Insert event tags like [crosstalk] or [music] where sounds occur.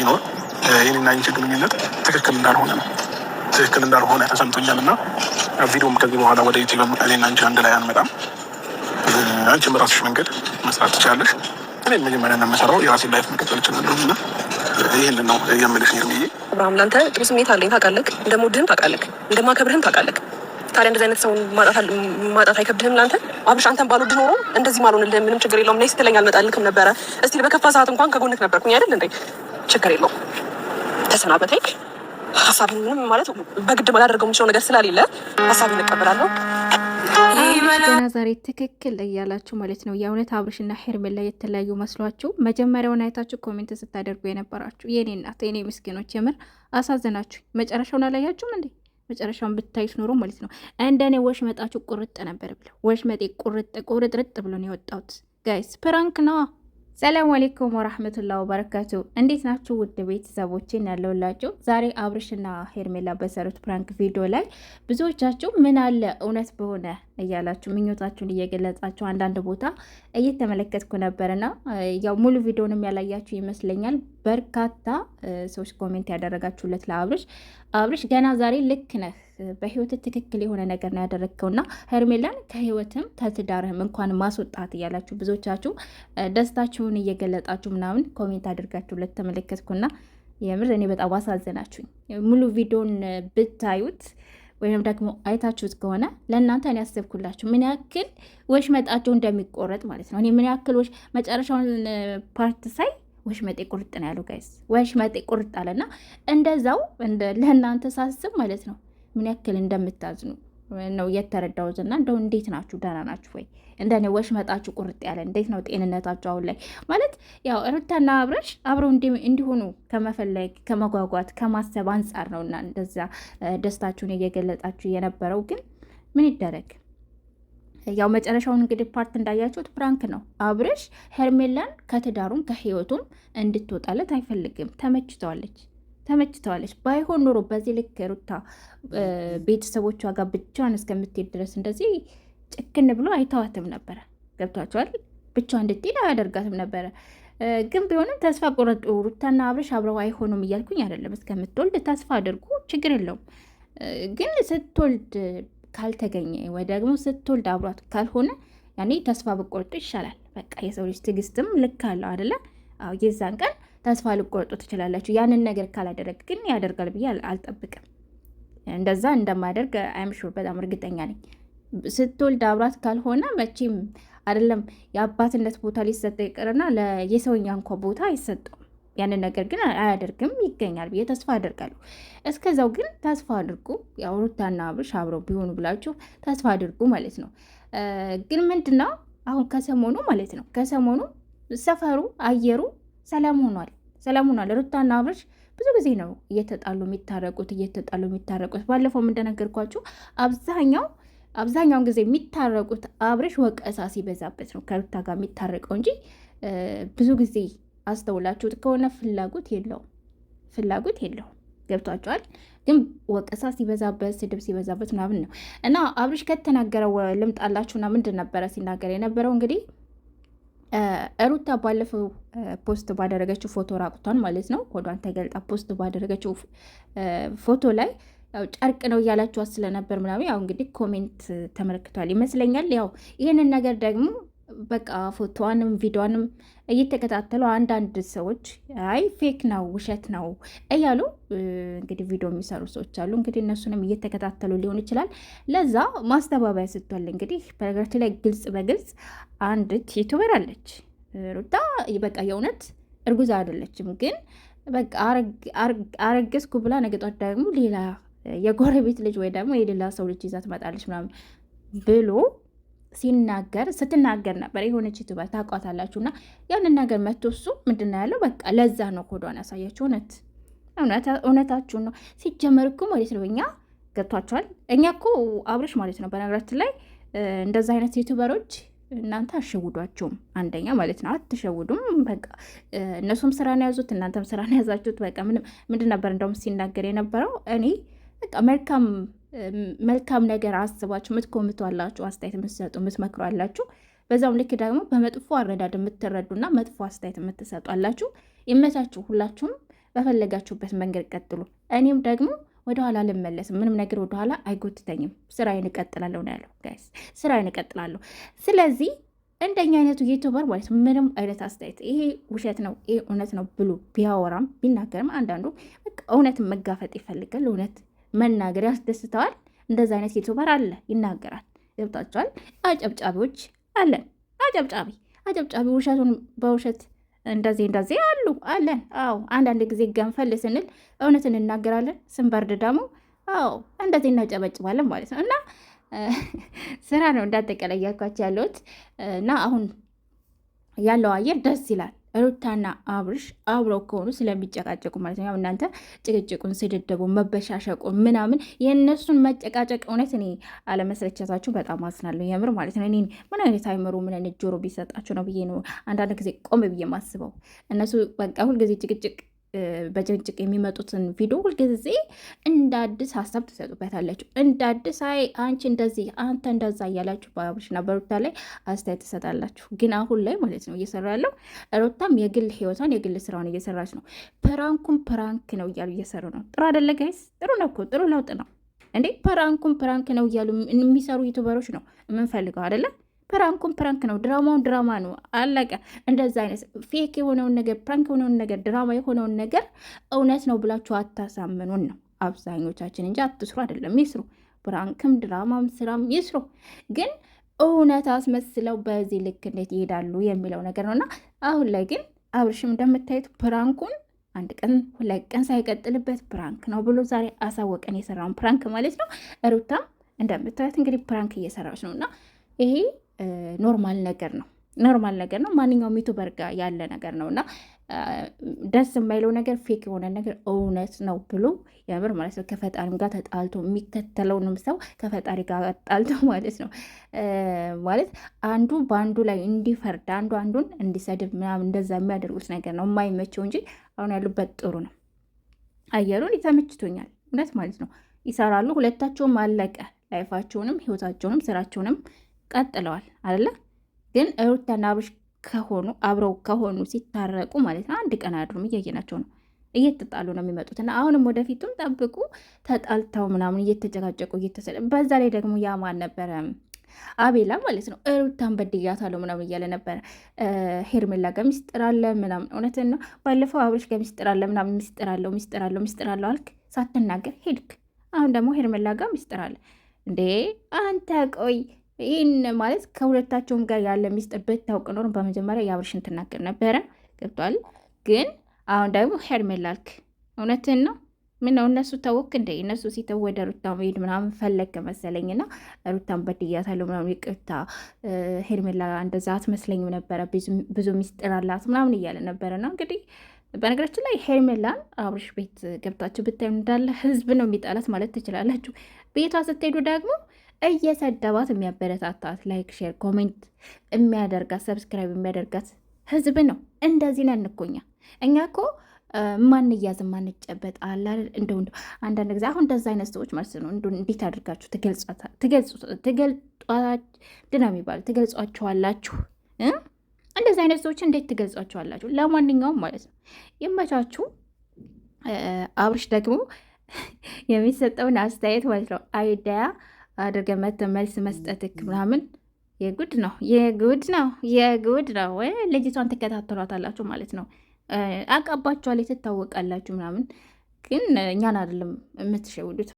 ቢኖር የኔና አንቺ ግንኙነት ትክክል እንዳልሆነ ነው ትክክል እንዳልሆነ ተሰምቶኛል። እና ቪዲዮም ከዚህ በኋላ ወደ ዩቲዩብ እኔና አንቺ አንድ ላይ አንመጣም። አንቺ ራስሽ መንገድ መስራት ትችላለሽ። እኔ መጀመሪያ እንደምሰራው የራሴን ላይፍ መቀጠል እችላለሁ። እና ይህን ነው የምልሽ ብዬ አብርሃም፣ ለአንተ ጥሩ ስሜት አለኝ ታውቃለህ፣ እንደምወድህም ታውቃለህ፣ እንደማከብርህም ታውቃለህ። ታዲያ እንደዚህ አይነት ሰውን ማጣት አይከብድህም ለአንተ? አብርሽ አንተን ባልወድህ ኖሮ እንደዚህ ማልሆንልህም፣ ምንም ችግር የለውም። ነይ ስትለኝ አልመጣልክም ነበረ። እስቲ በከፋ ሰዓት እንኳን ከጎንክ ነበርኩኝ አይደል እንዴ? ችግር የለው ተሰናበተኝ። ሀሳብ ምንም ማለት በግድ ላደርገው የምችለው ነገር ስለሌለ ሀሳብን እቀበላለሁ። ገና ዛሬ ትክክል እያላችሁ ማለት ነው። የእውነት አብርሽና ሄርሜላ የተለያዩ መስሏችሁ መጀመሪያውን አይታችሁ ኮሜንት ስታደርጉ የነበራችሁ የኔ እናት የኔ ምስኪኖች የምር አሳዘናችሁ። መጨረሻውን አላያችሁም እንዴ? መጨረሻውን ብታዩት ኖሮ ማለት ነው እንደኔ ወሽ መጣችሁ ቁርጥ ነበር ብለው ወሽ መጤ ቁርጥ ቁርጥርጥ ብሎ ነው የወጣሁት ጋይስ ፕራንክ ነዋ። ሰላም አሌይኩም ወራህመቱላ ወበረካቱ። እንዴት ናችሁ ውድ ቤተሰቦችን ያለውላችሁ። ዛሬ አብርሽና ሄርሜላ በሰሩት ፕራንክ ቪዲዮ ላይ ብዙዎቻችሁ ምን አለ እውነት በሆነ እያላችሁ ምኞታችሁን እየገለጻችሁ አንዳንድ ቦታ እየተመለከትኩ ነበርና ያው ሙሉ ቪዲዮንም ያላያችሁ ይመስለኛል። በርካታ ሰዎች ኮሜንት ያደረጋችሁለት ለአብርሽ አብርሽ ገና ዛሬ ልክ ነህ፣ በህይወት ትክክል የሆነ ነገር ነው ያደረግከውና ሄርሜላን ከህይወትም ከትዳርህም እንኳን ማስወጣት እያላችሁ ብዙዎቻችሁ ደስታችሁን እየገለጣችሁ ምናምን ኮሜንት አድርጋችሁለት ተመለከትኩና የምር እኔ በጣም አሳዘናችሁኝ። ሙሉ ቪዲዮን ብታዩት ወይም ደግሞ አይታችሁት ከሆነ ለእናንተ እኔ ያስብኩላችሁ ምን ያክል ወሽመጣቸው እንደሚቆረጥ ማለት ነው። እኔ ምን ያክል ወሽ መጨረሻውን ፓርት ሳይ ወሽመጤ ቁርጥ ነው ያለው ጋይስ፣ ወሽመጤ ቁርጥ አለና እንደዛው ለእናንተ ሳስብ ማለት ነው ምን ያክል እንደምታዝኑ ነው የተረዳሁት። እና እንደው እንዴት ናችሁ? ደህና ናችሁ ወይ? እንደኔ ወሽመጣችሁ ቁርጥ ያለ እንዴት ነው ጤንነታችሁ አሁን ላይ? ማለት ያው ሩታና አብረሽ አብረው እንዲሆኑ ከመፈለግ ከመጓጓት ከማሰብ አንጻር ነው እና እንደዛ ደስታችሁን እየገለጣችሁ የነበረው ግን ምን ይደረግ ያው መጨረሻውን እንግዲህ ፓርት እንዳያችሁት ፕራንክ ነው። አብረሽ ሄርሜላን ከትዳሩም ከህይወቱም እንድትወጣለት አይፈልግም። ተመችተዋለች ተመችተዋለች። ባይሆን ኖሮ በዚህ ልክ ሩታ ቤተሰቦቿ ጋር ብቻዋን እስከምትሄድ ድረስ እንደዚህ ጭክን ብሎ አይተዋትም ነበረ። ገብቷቸዋል። ብቻዋን እንድትሄድ አያደርጋትም ነበረ። ግን ቢሆንም ተስፋ ቆረጡ። ሩታና አብረሽ አብረው አይሆኑም እያልኩኝ አይደለም። እስከምትወልድ ተስፋ አድርጉ፣ ችግር የለውም። ግን ስትወልድ ካልተገኘ ወይ ደግሞ ስትወልድ አብሯት ካልሆነ ያኔ ተስፋ በቆረጡ ይሻላል። በቃ የሰው ልጅ ትዕግስትም ልክ አለው አደለ? የዛን ቀን ተስፋ ልቆርጡ ትችላላችሁ። ያንን ነገር ካላደረግ ግን ያደርጋል ብዬ አልጠብቅም። እንደዛ አይም አይምሹር በጣም እርግጠኛ ነኝ። ስትወልድ አብራት ካልሆነ መቼም አይደለም የአባትነት ቦታ ሊሰጠ ይቅርና የሰውኛ እንኳ ቦታ አይሰጠውም። ያንን ነገር ግን አያደርግም ይገኛል ብዬ ተስፋ አደርጋለሁ። እስከዛው ግን ተስፋ አድርጉ። ያው ሩታና አብርሽ አብረው ቢሆኑ ብላችሁ ተስፋ አድርጉ ማለት ነው። ግን ምንድነው አሁን ከሰሞኑ ማለት ነው ከሰሞኑ ሰፈሩ አየሩ ሰላም ሆኗል። ሰላም ሆኗል። ሩታና አብርሽ ብዙ ጊዜ ነው እየተጣሉ የሚታረቁት እየተጣሉ የሚታረቁት። ባለፈውም እንደነገርኳችሁ አብዛኛው አብዛኛውን ጊዜ የሚታረቁት አብርሽ ወቀሳ ሲበዛበት ነው ከሩታ ጋር የሚታረቀው እንጂ ብዙ ጊዜ አስተውላችሁት ከሆነ ፍላጎት የለውም ፍላጎት የለውም። ገብቷቸዋል። ግን ወቀሳ ሲበዛበት ስድብ ሲበዛበት ምናምን ነው እና አብርሽ ከተናገረው ልምጣላችሁና ምንድን ነበረ ሲናገር የነበረው እንግዲህ ሩታ ባለፈው ፖስት ባደረገችው ፎቶ ራቁቷን ማለት ነው ኮዷን ተገልጣ ፖስት ባደረገችው ፎቶ ላይ ያው ጨርቅ ነው እያላችኋት ስለነበር ምናምን ያው እንግዲህ ኮሜንት ተመልክቷል ይመስለኛል። ያው ይህንን ነገር ደግሞ በቃ ፎቶዋንም ቪዲዮንም እየተከታተሉ አንዳንድ ሰዎች አይ ፌክ ነው ውሸት ነው እያሉ እንግዲህ ቪዲዮ የሚሰሩ ሰዎች አሉ። እንግዲህ እነሱንም እየተከታተሉ ሊሆን ይችላል። ለዛ ማስተባበያ ስትል እንግዲህ በነገራችን ላይ ግልጽ በግልጽ አንዲት ዩቱበር አለች ሩታ በቃ የእውነት እርጉዝ አይደለችም፣ ግን በቃ አረገዝኩ ብላ ነገጧት ደግሞ ሌላ የጎረቤት ልጅ ወይ ደግሞ የሌላ ሰው ልጅ ይዛ ትመጣለች ምናምን ብሎ ሲናገር ስትናገር ነበር የሆነች ዩቱበር ታውቋታላችሁ። እና ያንን ነገር መቶ እሱ ምንድን ነው ያለው? በቃ ለዛ ነው ኮዷን ያሳያችሁ። እውነት እውነታችሁን ነው። ሲጀመር እኮ ማለት ነው እኛ ገብቷቸዋል። እኛ እኮ አብረሽ ማለት ነው በነገራችን ላይ እንደዛ አይነት ዩቱበሮች እናንተ አሸውዷችሁም። አንደኛ ማለት ነው አትሸውዱም። በቃ እነሱም ስራ ነው ያዙት፣ እናንተም ስራ ነው ያዛችሁት። በቃ ምንድን ነበር እንደውም ሲናገር የነበረው እኔ በቃ መልካም መልካም ነገር አስባችሁ የምትኮምቱ አላችሁ፣ አስተያየት የምትሰጡ የምትመክሩ አላችሁ። በዛውም ልክ ደግሞ በመጥፎ አረዳድ የምትረዱና መጥፎ አስተያየት የምትሰጡ አላችሁ። ይመቻችሁ። ሁላችሁም በፈለጋችሁበት መንገድ ቀጥሉ። እኔም ደግሞ ወደኋላ አልመለስም። ምንም ነገር ወደኋላ አይጎትተኝም። ስራዬን እቀጥላለሁ ነው ያለው። ጋይስ ስራዬን እቀጥላለሁ። ስለዚህ እንደኛ አይነቱ ዩቱበር ማለት ምንም አይነት አስተያየት ይሄ ውሸት ነው ይሄ እውነት ነው ብሎ ቢያወራም ቢናገርም አንዳንዱ እውነትን መጋፈጥ ይፈልጋል እውነት መናገር ያስደስተዋል። እንደዚ አይነት ዩቱበር አለ፣ ይናገራል። ገብታችኋል? አጨብጫቢዎች አለን። አጨብጫቢ አጨብጫቢ ውሸቱን በውሸት እንደዚህ እንደዚህ አሉ አለን። አዎ አንዳንድ ጊዜ ገንፈል ስንል እውነት እንናገራለን። ስንበርድ ደግሞ አዎ እንደዚህ እናጨበጭባለን ማለት ነው። እና [laughs] ስራ ነው እንዳጠቃላይ እያልኳቸው ያለሁት እና አሁን ያለው አየር ደስ ይላል። ሩታና አብርሽ አብረው ከሆኑ ስለሚጨቃጨቁ ማለት ነው። እናንተ ጭቅጭቁን፣ ስድደቡ፣ መበሻሸቁ ምናምን የእነሱን መጨቃጨቅ እውነት እኔ አለመስለቻታችሁ በጣም አዝናለሁ። የምር ማለት ነው። እኔ ምን አይነት አይምሮ ምን አይነት ጆሮ ቢሰጣችሁ ነው ብዬ ነው አንዳንድ ጊዜ ቆም ብዬ ማስበው። እነሱ በቃ ሁልጊዜ ጭቅጭቅ በጭቅጭቅ የሚመጡትን ቪዲዮ ሁልጊዜ እንደ አዲስ ሀሳብ ትሰጡበታላችሁ። እንደ አዲስ አይ አንቺ እንደዚህ አንተ እንደዛ እያላችሁ በአብርሽና በሩታ ላይ አስተያየት ትሰጣላችሁ። ግን አሁን ላይ ማለት ነው እየሰራ ያለው ሩታም የግል ህይወቷን የግል ስራውን እየሰራች ነው። ፕራንኩም ፕራንክ ነው እያሉ እየሰሩ ነው። ጥሩ አደለ ጋይስ? ጥሩ ነው እኮ ጥሩ ለውጥ ነው እንዴ! ፕራንኩም ፕራንክ ነው እያሉ የሚሰሩ ዩቱበሮች ነው የምንፈልገው አደለም? ፕራንኩን ፕራንክ ነው፣ ድራማውን ድራማ ነው። አለቀ። እንደዛ አይነት ፌክ የሆነውን ነገር ፕራንክ የሆነውን ነገር ድራማ የሆነውን ነገር እውነት ነው ብላችሁ አታሳምኑን ነው አብዛኞቻችን እንጂ አትስሩ አይደለም። ይስሩ፣ ፕራንክም ድራማም ስራም ይስሩ፣ ግን እውነት አስመስለው በዚህ ልክ እንዴት ይሄዳሉ የሚለው ነገር ነው እና አሁን ላይ ግን አብርሽም እንደምታዩት ፕራንኩን አንድ ቀን ሁለት ቀን ሳይቀጥልበት ፕራንክ ነው ብሎ ዛሬ አሳወቀን። የሰራውን ፕራንክ ማለት ነው። ሩታም እንደምታዩት እንግዲህ ፕራንክ እየሰራች ነው እና ይሄ ኖርማል ነገር ነው። ኖርማል ነገር ነው። ማንኛውም ዩቱበር ጋ ያለ ነገር ነው እና ደስ የማይለው ነገር ፌክ የሆነ ነገር እውነት ነው ብሎ የምር ማለት ነው ከፈጣሪም ጋር ተጣልቶ የሚከተለውንም ሰው ከፈጣሪ ጋር ተጣልቶ [laughs] ማለት ነው ማለት አንዱ በአንዱ ላይ እንዲፈርድ አንዱ አንዱን እንዲሰድብ ምናምን እንደዛ የሚያደርጉት ነገር ነው የማይመቸው እንጂ አሁን ያሉበት ጥሩ ነው። አየሩን ተመችቶኛል። እውነት ማለት ነው ይሰራሉ። ሁለታቸውም አለቀ ላይፋቸውንም ህይወታቸውንም ስራቸውንም ቀጥለዋል አይደለ? ግን ሩታና አብርሽ ከሆኑ አብረው ከሆኑ ሲታረቁ ማለት ነው አንድ ቀን አያድሩም። እያየናቸው ነው እየተጣሉ ነው የሚመጡት እና አሁንም ወደፊቱም ጠብቁ። ተጣልተው ምናምን እየተጨቃጨቁ እየተሰለ በዛ ላይ ደግሞ ያማን ነበረ አቤላ ማለት ነው ሩታን በድያታለሁ ምናምን እያለ ነበረ። ሄርሜላ ጋር ሚስጥር አለ ምናምን፣ እውነት ነው። ባለፈው አብርሽ ጋር ሚስጥር አለ ምናምን፣ ሚስጥር አለው ሚስጥር አለው ሚስጥር አለው አልክ፣ ሳትናገር ሄድክ። አሁን ደግሞ ሄርሜላ ጋር ሚስጥር አለ እንዴ አንተ ቆይ ይህን ማለት ከሁለታቸውም ጋር ያለ ሚስጥር ብታውቅ ኖሮ በመጀመሪያ የአብርሽን ትናገር ነበረ። ገብቷል። ግን አሁን ደግሞ ሄርሜላ አልክ። እውነትን ነው። ምነው እነሱ ታወክ እንደ እነሱ ሲተው ወደ ሩታ መሄድ ምናምን ፈለገ መሰለኝ። ና ሩታን በድያታለሁ ምናምን ይቅርታ፣ ሄርሜላ እንደዛ አትመስለኝም ነበረ፣ ብዙ ሚስጥር አላት ምናምን እያለ ነበረ። ና እንግዲህ በነገራችን ላይ ሄርሜላን አብርሽ ቤት ገብታችሁ ብታዩ እንዳለ ህዝብ ነው የሚጣላት ማለት ትችላላችሁ። ቤቷ ስትሄዱ ደግሞ እየሰደባት የሚያበረታታት ላይክ፣ ሼር፣ ኮሜንት የሚያደርጋት ሰብስክራይብ የሚያደርጋት ህዝብ ነው። እንደዚህ ነን እኮ እኛ እኛ እኮ ማንያዝ ማንጨበጥ አለ እንደው አንዳንድ ጊዜ አሁን እንደዛ አይነት ሰዎች ማለት ነው እንዴት አድርጋችሁ ትገልጧድና የሚባለው ትገልጿችኋላችሁ? እንደዚህ አይነት ሰዎች እንዴት ትገልጿችኋላችሁ? ለማንኛውም ማለት ነው ይመቻችሁ። አብርሽ ደግሞ የሚሰጠውን አስተያየት ማለት ነው አይዲያ አድርገ መተ መልስ መስጠትክ ምናምን የጉድ ነው የጉድ ነው የጉድ ነው። ወይ ልጅቷን ትከታተሏታላችሁ ማለት ነው። አቃባችኋል፣ ትታወቃላችሁ ምናምን ግን እኛን አይደለም የምትሸውዱት።